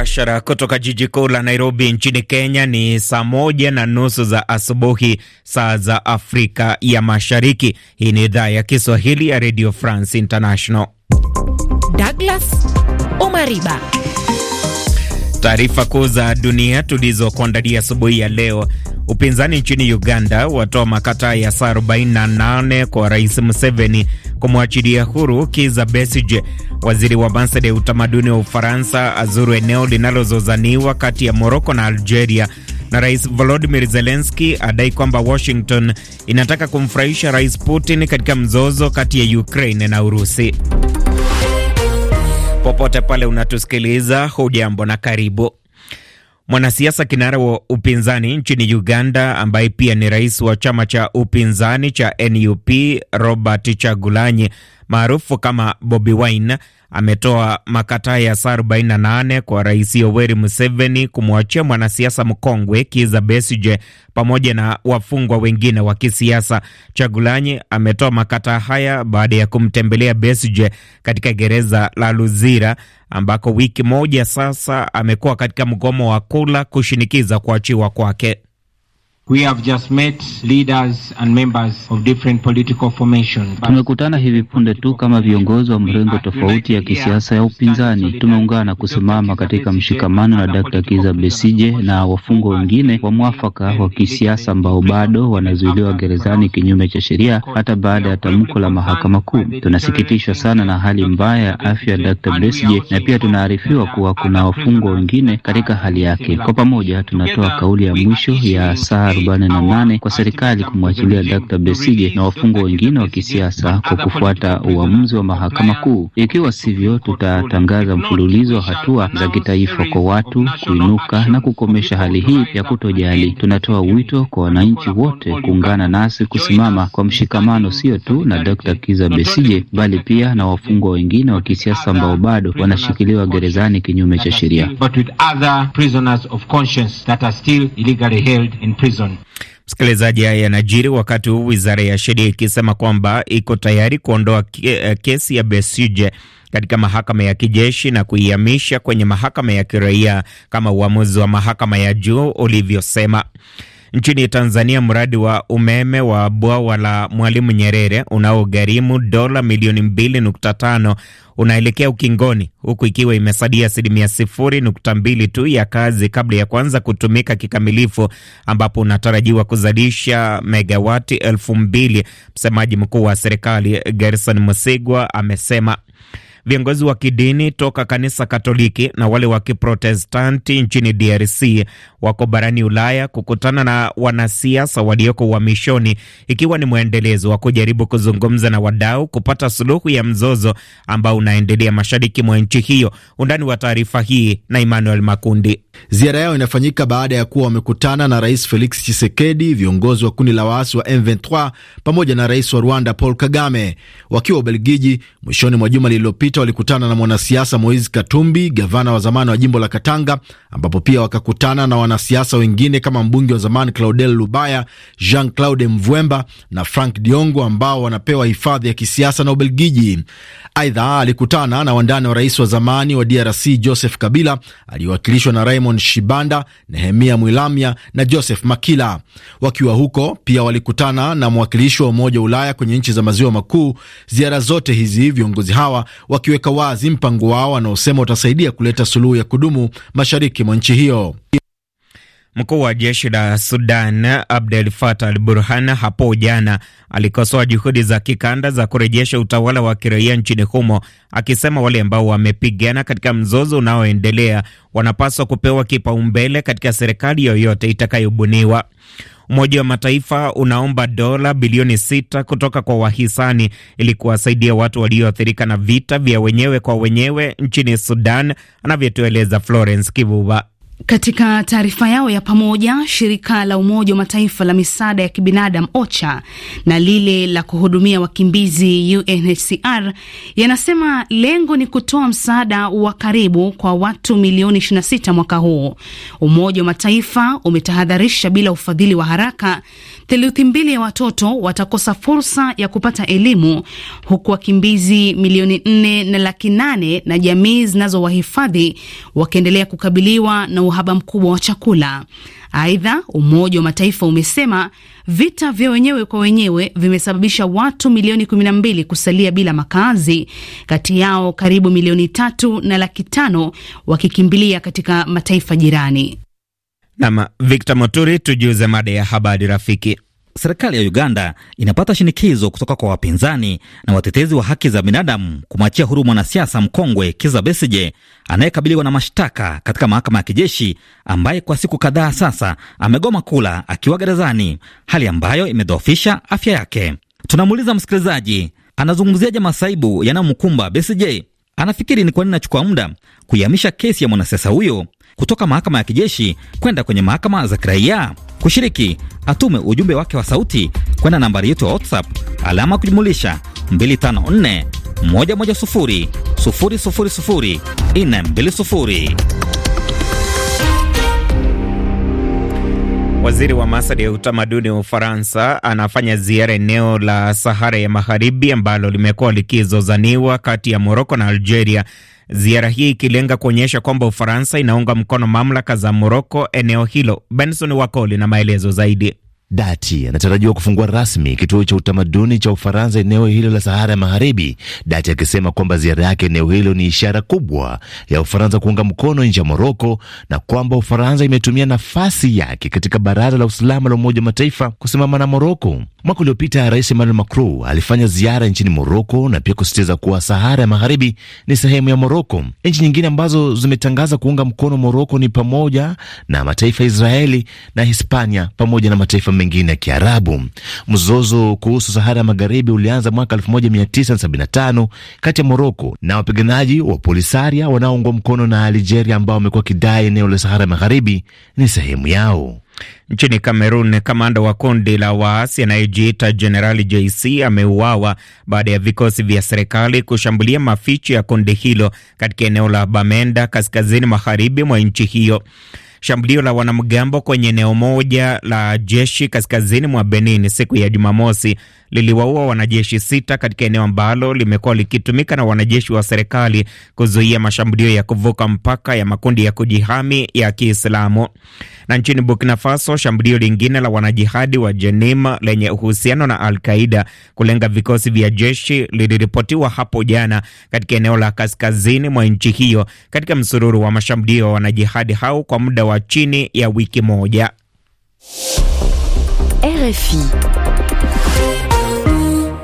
mubashara kutoka jiji kuu la Nairobi nchini Kenya. Ni saa moja na nusu za asubuhi saa za Afrika ya Mashariki. Hii ni idhaa ya Kiswahili ya Radio France International. Douglas Omariba, taarifa kuu za dunia tulizokuandalia asubuhi ya leo. Upinzani nchini Uganda watoa makataa ya saa 48 kwa Rais Museveni kumwachilia huru Kiza Besige. Waziri wa masada ya utamaduni wa Ufaransa azuru eneo linalozozaniwa kati ya Moroko na Algeria, na Rais Volodimir Zelenski adai kwamba Washington inataka kumfurahisha Rais Putin katika mzozo kati ya Ukraine na Urusi. Popote pale unatusikiliza, hujambo na karibu. Mwanasiasa kinara wa upinzani nchini Uganda ambaye pia ni rais wa chama cha upinzani cha NUP Robert Chagulanyi maarufu kama Bobi Wine ametoa makataa ya saa 48 kwa Rais Yoweri Museveni kumwachia mwanasiasa mkongwe Kizza Besigye pamoja na wafungwa wengine wa kisiasa. Chagulanyi ametoa makataa haya baada ya kumtembelea Besigye katika gereza la Luzira ambako wiki moja sasa amekuwa katika mgomo wa kula kushinikiza kuachiwa kwake. Tumekutana hivi punde tu kama viongozi wa mrengo tofauti ya kisiasa ya upinzani. Tumeungana kusimama katika mshikamano na Dkt. Kiza Besije na wafungwa wengine wa mwafaka wa kisiasa ambao bado wanazuiliwa gerezani kinyume cha sheria hata baada ya tamko la mahakama kuu. Tunasikitishwa sana na hali mbaya ya afya ya Dkt. Besije na pia tunaarifiwa kuwa kuna wafungwa wengine katika hali yake. Kwa pamoja tunatoa kauli ya mwisho ya saa 48 kwa serikali kumwachilia Dr. Besige na wafungwa wengine wa kisiasa kwa kufuata uamuzi wa mahakama kuu. Ikiwa sivyo, tutatangaza mfululizo wa hatua za kitaifa kwa watu kuinuka na kukomesha hali hii ya kutojali. Tunatoa wito kwa wananchi wote kuungana nasi kusimama kwa mshikamano, sio tu na Dr. Kiza besije bali pia na wafungwa wengine wa kisiasa ambao bado wanashikiliwa gerezani kinyume cha sheria. Msikilizaji, haya yanajiri wakati huu wizara ya sheria ikisema kwamba iko tayari kuondoa eh, kesi ya Besije katika mahakama ya kijeshi na kuihamisha kwenye mahakama ya kiraia kama uamuzi wa mahakama ya juu ulivyosema. Nchini Tanzania, mradi wa umeme wa bwawa la Mwalimu Nyerere unaogharimu dola milioni 2.5 unaelekea ukingoni, huku ikiwa imesadia asilimia mbili tu ya kazi kabla ya kuanza kutumika kikamilifu, ambapo unatarajiwa kuzalisha megawati elfu mbili. Msemaji mkuu wa serikali Gerson Msigwa amesema viongozi wa kidini toka kanisa Katoliki na wale wa Kiprotestanti nchini DRC wako barani Ulaya kukutana na wanasiasa walioko uhamishoni, ikiwa ni mwendelezo wa kujaribu kuzungumza na wadau kupata suluhu ya mzozo ambao unaendelea mashariki mwa nchi hiyo. Undani wa taarifa hii na Emmanuel Makundi. Ziara yao inafanyika baada ya kuwa wamekutana na Rais Felix Tshisekedi, viongozi wa kundi la waasi wa M23 pamoja na rais wa Rwanda Paul Kagame wakiwa Ubelgiji mwishoni mwa juma lililopita iliyopita walikutana na mwanasiasa Moiz Katumbi, gavana wa zamani wa jimbo la Katanga, ambapo pia wakakutana na wanasiasa wengine kama mbunge wa zamani Claudel Lubaya, Jean Claude Mvwemba na Frank Diongo, ambao wanapewa hifadhi ya kisiasa na Ubelgiji. Aidha, alikutana na wandani wa rais wa zamani wa DRC Joseph Kabila, aliyewakilishwa na Raymond Shibanda, Nehemia Mwilamya na Joseph Makila. Wakiwa huko pia walikutana na mwakilishi wa Umoja wa Ulaya kwenye nchi za Maziwa Makuu. Ziara zote hizi viongozi hawa wakiweka wazi mpango wao wanaosema utasaidia kuleta suluhu ya kudumu mashariki mwa nchi hiyo. Mkuu wa jeshi la Sudan Abdel Fattah al Burhan hapo jana alikosoa juhudi za kikanda za kurejesha utawala wa kiraia nchini humo, akisema wale ambao wamepigana katika mzozo unaoendelea wanapaswa kupewa kipaumbele katika serikali yoyote itakayobuniwa. Umoja wa Mataifa unaomba dola bilioni sita kutoka kwa wahisani ili kuwasaidia watu walioathirika na vita vya wenyewe kwa wenyewe nchini Sudan, anavyotueleza Florence Kivuva. Katika taarifa yao ya pamoja, shirika la Umoja wa Mataifa la misaada ya kibinadamu OCHA na lile la kuhudumia wakimbizi UNHCR yanasema lengo ni kutoa msaada wa karibu kwa watu milioni 26 mwaka huu. Umoja wa Mataifa umetahadharisha bila ufadhili wa haraka theluthi mbili ya watoto watakosa fursa ya kupata elimu, huku wakimbizi milioni nne na laki nane na jamii zinazowahifadhi wakiendelea kukabiliwa na uhaba mkubwa wa chakula. Aidha, Umoja wa Mataifa umesema vita vya wenyewe kwa wenyewe vimesababisha watu milioni 12 kusalia bila makazi, kati yao karibu milioni tatu na laki tano wakikimbilia katika mataifa jirani. Nam Victor Moturi, tujuze mada ya habari rafiki. Serikali ya Uganda inapata shinikizo kutoka kwa wapinzani na watetezi wa haki za binadamu kumwachia huru mwanasiasa mkongwe Kiza Besije anayekabiliwa na mashtaka katika mahakama ya kijeshi, ambaye kwa siku kadhaa sasa amegoma kula akiwa gerezani, hali ambayo imedhoofisha afya yake. Tunamuuliza msikilizaji, anazungumziaje masaibu yanayomkumba Besigye? Anafikiri ni kwa nini nachukua muda kuihamisha kesi ya mwanasiasa huyo kutoka mahakama ya kijeshi kwenda kwenye mahakama za kiraia. Kushiriki atume ujumbe wake wa sauti kwenda nambari yetu ya WhatsApp alama kujumulisha 254 Waziri wa masari ya utamaduni wa Ufaransa anafanya ziara eneo la Sahara ya Magharibi ambalo limekuwa likizozaniwa kati ya Moroko na Algeria, ziara hii ikilenga kuonyesha kwamba Ufaransa inaunga mkono mamlaka za Moroko eneo hilo. Benson Wakoli na maelezo zaidi. Dati anatarajiwa kufungua rasmi kituo cha utamaduni cha Ufaransa eneo hilo la Sahara ya Magharibi, Dati akisema kwamba ziara yake eneo hilo ni ishara kubwa ya Ufaransa kuunga mkono nchi ya Moroko na kwamba Ufaransa imetumia nafasi yake katika Baraza la Usalama la Umoja wa Mataifa kusimama na Moroko. Mwaka uliopita Rais Emmanuel Macron alifanya ziara nchini Moroko na pia kusisitiza kuwa Sahara ya Magharibi ni sehemu ya Moroko. Nchi nyingine ambazo zimetangaza kuunga mkono Moroko ni pamoja na mataifa ya Israeli na Hispania pamoja na mataifa mengine ya Kiarabu. Mzozo kuhusu Sahara Magharibi ulianza mwaka 1975 kati ya Moroko na wapiganaji wa Polisaria wanaoungwa mkono na Algeria ambao wamekuwa kidai eneo la Sahara Magharibi ni sehemu yao. Nchini Kamerun, kamanda wa kundi la waasi anayejiita Jenerali JC ameuawa baada ya vikosi vya serikali kushambulia maficho ya kundi hilo katika eneo la Bamenda, kaskazini magharibi mwa nchi hiyo shambulio la wanamgambo kwenye eneo moja la jeshi kaskazini mwa Benin siku ya Jumamosi liliwaua wanajeshi sita katika eneo ambalo limekuwa likitumika na wanajeshi wa serikali kuzuia mashambulio ya kuvuka mpaka ya makundi ya kujihami ya Kiislamu. Na nchini Burkina Faso, shambulio lingine la wanajihadi wa Jenim lenye uhusiano na Al Qaida kulenga vikosi vya jeshi liliripotiwa hapo jana katika eneo la kaskazini mwa nchi hiyo katika msururu wa mashambulio ya wanajihadi hao kwa muda wa chini ya wiki moja. RFI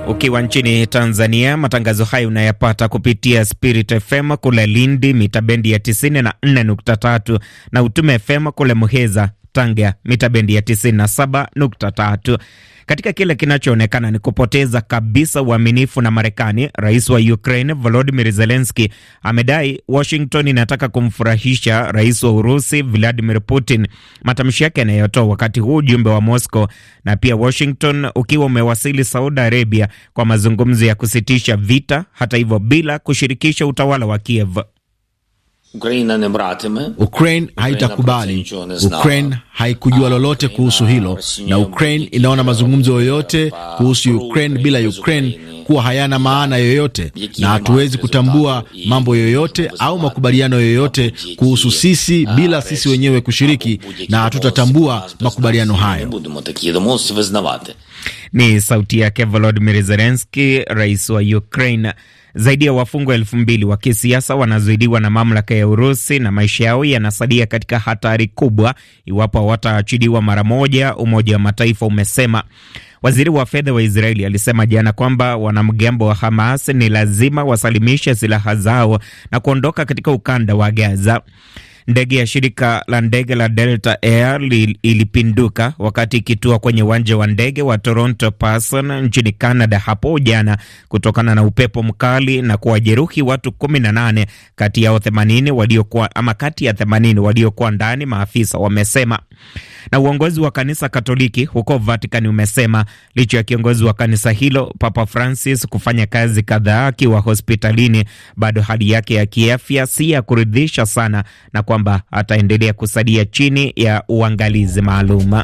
ukiwa nchini Tanzania, matangazo hayo unayapata kupitia Spirit FM kule Lindi mita bendi ya 94.3 na Utume FM kule Muheza Tanga mita bendi ya 97.3. Katika kile kinachoonekana ni kupoteza kabisa uaminifu na Marekani, rais wa Ukraine Volodimir Zelenski amedai Washington inataka kumfurahisha rais wa Urusi Vladimir Putin, matamshi yake yanayotoa wakati huu ujumbe wa Moscow na pia Washington ukiwa umewasili Saudi Arabia kwa mazungumzo ya kusitisha vita, hata hivyo bila kushirikisha utawala wa Kiev. Ukraine ne bratime. Ukraine haitakubali. Ukraine haikujua lolote kuhusu hilo, na Ukraine inaona mazungumzo yoyote kuhusu Ukraine bila Ukraine kuwa hayana maana yoyote, na hatuwezi kutambua mambo yoyote au makubaliano yoyote kuhusu sisi bila sisi wenyewe kushiriki, na hatutatambua makubaliano hayo. Ni sauti yake Volodymyr Zelensky, rais wa Ukraine. Zaidi ya wafungwa elfu mbili wa kisiasa wanazuiliwa na mamlaka ya Urusi na maisha yao yanasalia katika hatari kubwa iwapo hawataachiliwa mara moja, Umoja wa Mataifa umesema. Waziri wa fedha wa Israeli alisema jana kwamba wanamgambo wa Hamas ni lazima wasalimishe silaha zao na kuondoka katika ukanda wa Gaza. Ndege ya shirika la ndege la Delta Air li, ilipinduka wakati ikitua kwenye uwanja wa ndege wa Toronto Pearson nchini Canada hapo jana kutokana na upepo mkali na kuwajeruhi watu 18 kati yao 80 waliokuwa ama kati ya 80 waliokuwa ndani, maafisa wamesema. Na uongozi wa kanisa Katoliki huko Vatican umesema licha ya kiongozi wa kanisa hilo Papa Francis kufanya kazi kadhaa akiwa hospitalini, bado hali yake ya kiafya si ya kuridhisha sana na kwa kwamba ataendelea kusalia chini ya uangalizi maalum.